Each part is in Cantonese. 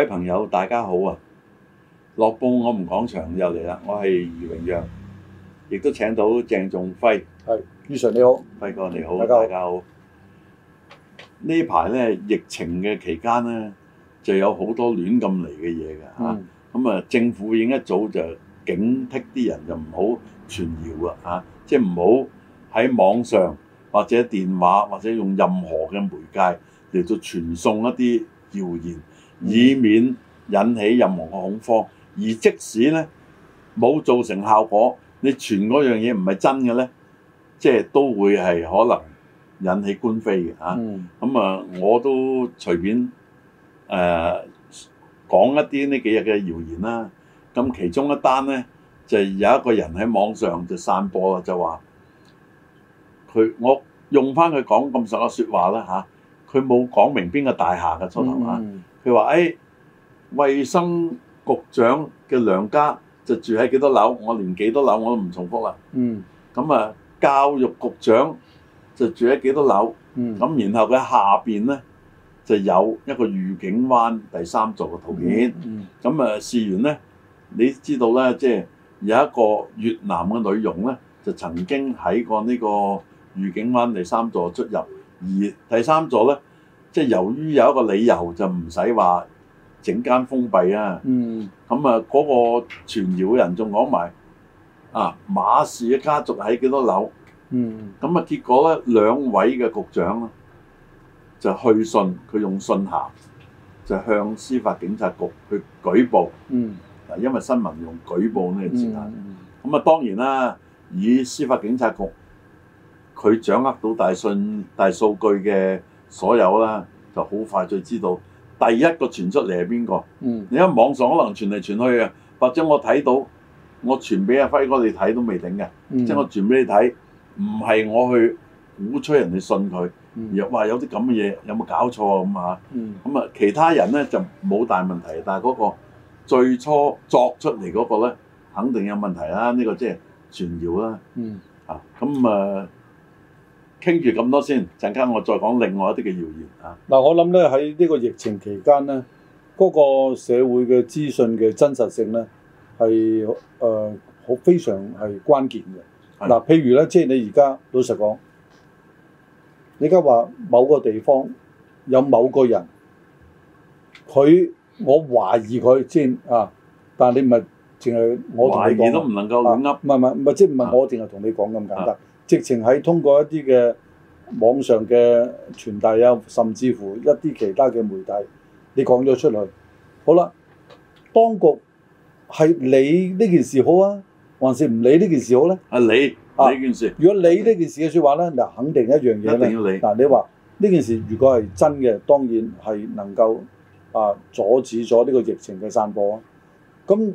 各位朋友，大家好啊！樂報我哋講場又嚟啦，我係余榮陽，亦都請到鄭仲輝。係，余 Sir 你好，輝哥你好，大家好。大家好，呢排咧疫情嘅期間咧，就有好多亂咁嚟嘅嘢嘅嚇。咁、嗯、啊，政府已經一早就警惕啲人就唔好傳謠啦嚇，即係唔好喺網上或者電話或者用任何嘅媒介嚟到傳送一啲謠言。以免引起任何嘅恐慌，而即使咧冇造成效果，你傳嗰樣嘢唔係真嘅咧，即係都會係可能引起官非嘅吓，咁啊、嗯嗯，我都隨便誒、呃、講一啲呢幾日嘅謠言啦。咁、啊、其中一單咧，就係、有一個人喺網上就散播啦，就話佢我用翻佢講咁實嘅說話啦吓，佢、啊、冇講明邊個大廈嘅初頭吓。啊嗯佢話，誒，衞、哎、生局長嘅娘家就住喺幾多樓？我連幾多樓我都唔重複啦。嗯，咁啊，教育局長就住喺幾多樓？嗯，咁然後佢下邊咧就有一個御景灣第三座嘅圖片。咁啊、嗯嗯，事緣咧，你知道咧，即、就、係、是、有一個越南嘅女傭咧，就曾經喺過呢個御景灣第三座出入，而第三座咧。即係由於有一個理由就唔使話整間封閉啊！咁啊，嗰個傳謠嘅人仲講埋啊，馬氏嘅家族喺幾多樓？咁啊、嗯、結果咧兩位嘅局長咯，就去信佢，用信函就向司法警察局去舉報。嗱、嗯、因為新聞用舉報呢個字眼。咁啊、嗯、當然啦，以司法警察局佢掌握到大信大數據嘅。所有啦，就好快就知道第一個傳出嚟係邊個。嗯，你而家網上可能傳嚟傳去啊，或者我睇到我傳俾阿輝哥你睇都未定嘅。即係、嗯、我傳俾你睇，唔係我去鼓吹人哋信佢。嗯，若話有啲咁嘅嘢，有冇搞錯啊？咁啊，嗯，咁啊，其他人咧就冇大問題，但係嗰個最初作出嚟嗰個咧，肯定有問題啦。呢、呢個即係傳謠啦。嗯，啊，咁啊。呃傾住咁多先，陣間我再講另外一啲嘅謠言啊！嗱，我諗咧喺呢個疫情期間咧，嗰、那個社會嘅資訊嘅真實性咧係誒好非常係關鍵嘅。嗱是的、啊，譬如咧，即係你而家老實講，你而家話某個地方有某個人，佢我懷疑佢先啊，但係你唔係淨係我同你講，都唔能夠亂噏，唔係，唔係，唔係，即係唔係我淨係同你講咁簡單。直情係通過一啲嘅網上嘅傳遞啊，甚至乎一啲其他嘅媒體，你講咗出嚟。好啦，當局係理呢件事好啊，還是唔理呢件事好咧？啊，理呢件事。啊、如果你呢件事嘅説話咧，嗱肯定一樣嘢咧，嗱、啊、你話呢件事如果係真嘅，當然係能夠啊阻止咗呢個疫情嘅散播啊。咁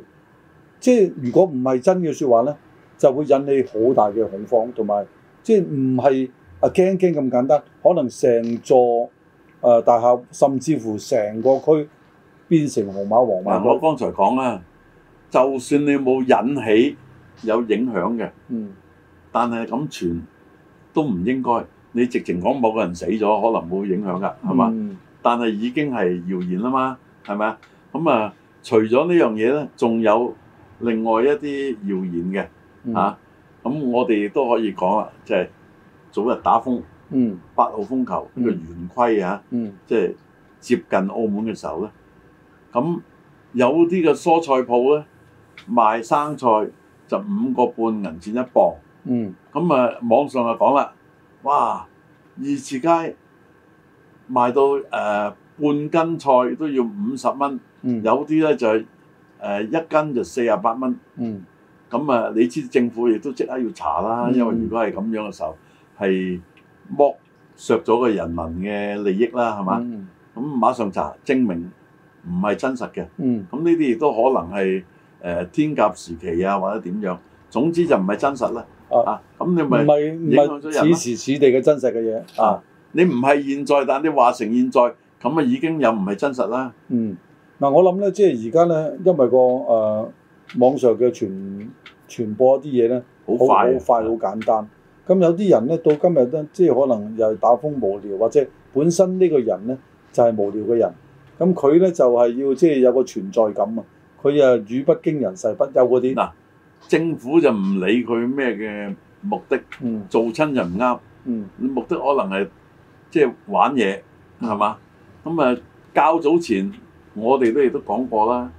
即係如果唔係真嘅説話咧？就會引起好大嘅恐慌，同埋即係唔係啊驚驚咁簡單，可能成座誒大廈，甚至乎成個區變成紅馬黃馬。嗱，我剛才講啦，就算你冇引起有影響嘅，嗯，但係咁全都唔應該。你直情講某個人死咗，可能冇影響㗎，係嘛？但係已經係謠言啦嘛，係咪啊？咁啊，除咗呢樣嘢咧，仲有另外一啲謠言嘅。嚇！咁、嗯啊、我哋都可以講啦，就係、是、早日打風，嗯、八號風球呢、這個圓規、嗯、啊，即、就、係、是、接近澳門嘅時候咧，咁有啲嘅蔬菜鋪咧賣生菜就五個半銀錢一磅，咁、嗯、啊網上就講啦，哇！二池街賣到誒、呃、半斤菜都要五十蚊，嗯、有啲咧就係、是、誒、呃、一斤就四十八蚊。嗯。咁啊！你知政府亦都即刻要查啦，嗯、因為如果係咁樣嘅時候，係剝削咗個人民嘅利益啦，係嘛？咁、嗯、馬上查，證明唔係真實嘅。咁呢啲亦都可能係誒、呃、天甲時期啊，或者點樣？總之就唔係真實啦、啊啊啊。啊，咁你咪影響咗人。此時此地嘅真實嘅嘢啊！你唔係現在，但你話成現在，咁啊已經又唔係真實啦。嗯。嗱、啊，我諗咧，即係而家咧，因為、那個誒。呃啊網上嘅傳傳播一啲嘢咧，好快，好快，好、啊、簡單。咁有啲人咧，到今日咧，即係可能又係打風無聊，或者本身呢個人咧就係、係、無聊嘅人。咁佢咧就係、係、要即係有個存在感啊！佢啊語不驚人世不誓不休嗰啲。嗱，政府就唔理佢咩嘅目的，嗯、做親就唔啱。嗯、目的可能係即係玩嘢係嘛？咁啊、嗯，較早前我哋都亦都講過啦。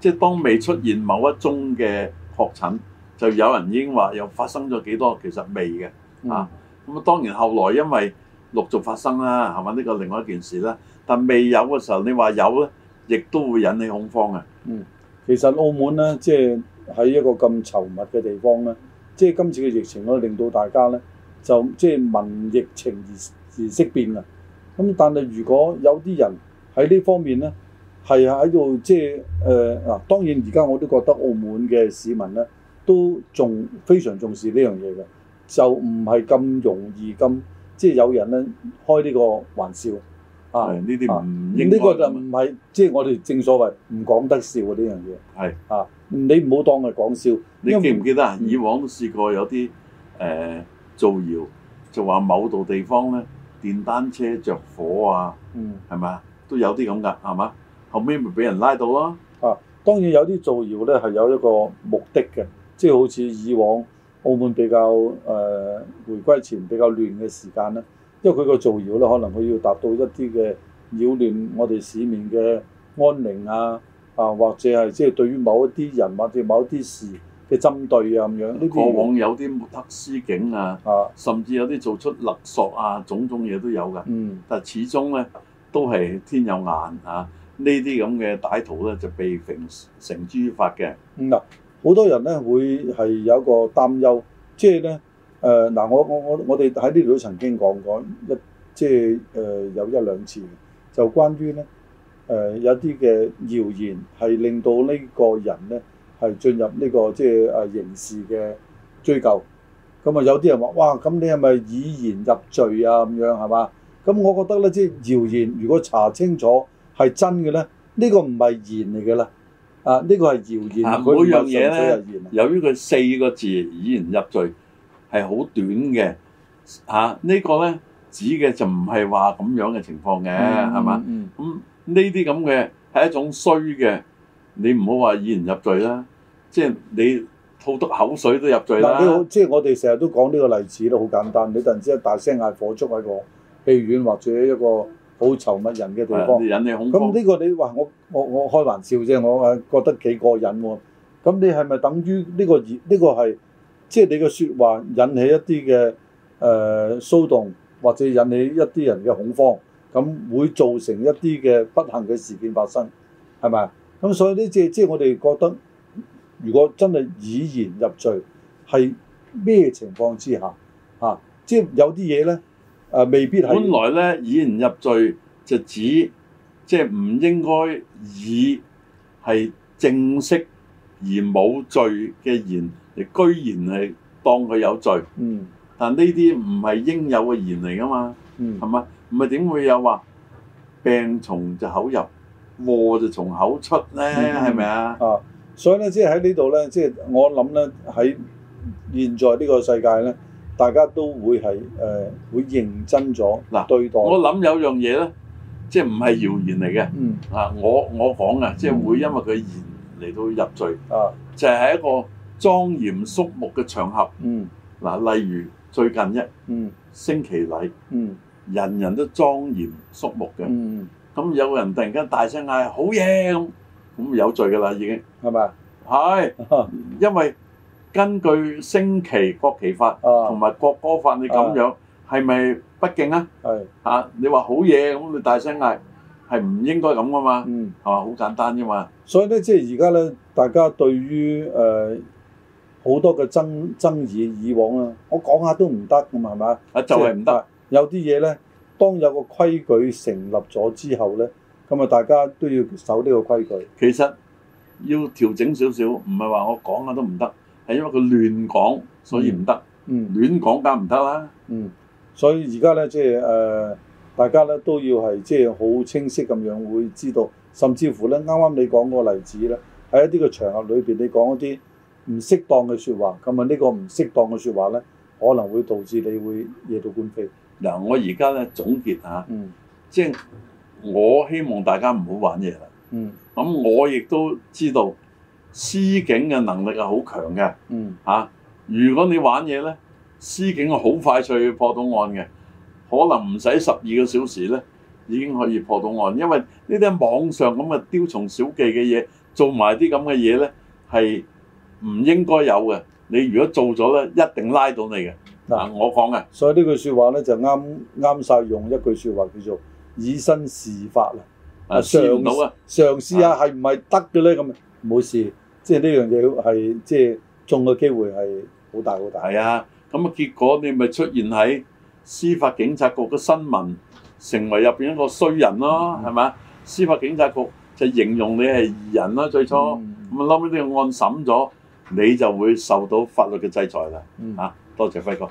即係當未出現某一宗嘅確診，就有人已經話又發生咗幾多？其實未嘅啊，咁、嗯、啊，當然後來因為陸續發生啦，係嘛，呢個另外一件事啦。但未有嘅時候，你話有咧，亦都會引起恐慌嘅。嗯，其實澳門咧，即係喺一個咁稠密嘅地方咧，即係今次嘅疫情咧，令到大家咧就即係聞疫情而而色變啊。咁但係如果有啲人喺呢方面咧，係啊，喺度即係誒嗱，當然而家我都覺得澳門嘅市民咧都仲非常重視呢樣嘢嘅，就唔係咁容易咁即係有人咧開呢個玩笑啊。呢啲唔應該、啊呢個就唔係即係我哋正所謂唔講得笑嘅呢樣嘢。係是啊，你唔好當佢講笑。你記唔記得啊？嗯、以往都試過有啲誒、呃、造謠，就話某度地方咧電單車着火啊，嗯，係咪啊？都有啲咁噶，係嘛？後尾咪俾人拉到咯！啊，當然有啲造謠咧係有一個目的嘅，即係好似以往澳門比較誒、呃、回歸前比較亂嘅時間咧，因為佢個造謠咧可能佢要達到一啲嘅擾亂我哋市面嘅安寧啊啊，或者係即係對於某一啲人或者某一啲事嘅針對啊咁樣。過往有啲特司警啊，啊甚至有啲做出勒索啊，種種嘢都有㗎。嗯，但始終咧都係天有眼啊！呢啲咁嘅歹徒咧就被繩之於法嘅。嗱，好多人咧會係有一個擔憂，即係咧誒嗱，我我我我哋喺呢度都曾經講過一，即係誒、呃、有一兩次，就關於咧誒、呃、有啲嘅謠言係令到呢個人咧係進入呢、這個即係誒刑事嘅追究。咁啊，有啲人話，哇，咁你係咪以言入罪啊？咁樣係嘛？咁我覺得咧，即係謠言，如果查清楚。係真嘅咧？呢，這個唔係言嚟嘅啦，啊呢個係謠言。啊，這個、啊每樣嘢咧，由於佢四個字以言入罪係好短嘅。嚇、啊這個、呢個咧指嘅就唔係話咁樣嘅情況嘅，係嘛，嗯？咁呢啲咁嘅係一種衰嘅，你唔好話以言入罪啦，即係你吐得口水都入罪啦，嗯。即係我哋成日都講呢個例子都好簡單。你突然之間大聲嗌火燭喺個戲院或者一個。好稠密人嘅地方，引起恐。咁呢個你話我我我開玩笑啫，我係覺得幾過癮喎。咁你係咪等於呢個，呢個係，即係你嘅説話引起一啲嘅誒騷動，或者引起一啲人嘅恐慌，咁會造成一啲嘅不幸嘅事件發生，係咪？咁所以呢，即係即係我哋覺得，如果真係以言入罪，係咩情況之下啊？即係有啲嘢咧。誒、啊、未必係。本來咧，以言入罪就指即係唔應該以係正式而冇罪嘅言，而居然係當佢有罪。嗯。但呢啲唔係應有嘅言嚟㗎嘛。嗯。係嘛？唔係點會有話、啊、病從就口入，禍就從口出咧？係咪啊？吧啊！所以咧，即係喺呢度咧，即係我諗咧，喺現在呢個世界咧。大家都會係誒、呃、會認真咗嗱對待。我諗有樣嘢咧，即係唔係謠言嚟嘅。嗯啊，我我講啊，即係會因為佢言嚟到入罪啊，就係一個莊嚴肅穆嘅場合。嗯嗱，例如最近一星期禮，嗯，人人都莊嚴肅穆嘅。嗯，咁有人突然間大聲嗌好嘢咁，咁有罪㗎喇已經係咪？係吧，因為。因為根據升旗國旗法同埋國歌法，你咁樣係咪不敬啊？係嚇！你話好嘢咁，你大聲嗌係唔應該咁噶嘛？嗯，係嘛？好簡單啫嘛。所以咧，即係而家咧，大家對於誒好多嘅爭爭議，以往啊，我講下都唔得㗎嘛，係嘛？啊，就係唔得。有啲嘢咧，當有個規矩成立咗之後咧，咁啊，大家都要守呢個規矩。其實要調整少少，唔係話我講下都唔得。係因為佢亂講，所以唔得。嗯，亂講梗唔得啦。嗯，所以而家咧，即係誒，大家咧都要係即係好清晰咁樣會知道，甚至乎咧，啱啱你講個例子咧，喺一啲個場合裏邊，你講一啲唔適當嘅説話，咁啊呢個唔適當嘅説話咧，可能會導致你會惹到官非。嗱，呃，我而家咧總結下，嗯，即係我希望大家唔好玩嘢啦。嗯，咁我亦都知道。司警嘅能力係好強嘅，嗯嚇、啊，如果你玩嘢咧，司警好快脆去破到案嘅，可能唔使十二個小時咧，已經可以破到案。因為呢啲網上咁嘅雕蟲小技嘅嘢，做埋啲咁嘅嘢咧，係唔應該有嘅。你如果做咗咧，一定拉到你嘅。嗱、啊啊，我講嘅。所以呢句説話咧就啱啱晒用一句説話叫做以身試法啦。嘗試啊，係唔係得嘅咧？咁啊，冇、啊、事。即係呢樣嘢係即係中嘅機會係好大好大，係啊！咁啊結果你咪出現喺司法警察局嘅新聞，成為入邊一個衰人咯，係咪、嗯？司法警察局就形容你係疑人啦，最初咁啊，後尾啲案審咗，你就會受到法律嘅制裁啦。嚇、嗯，多謝輝哥。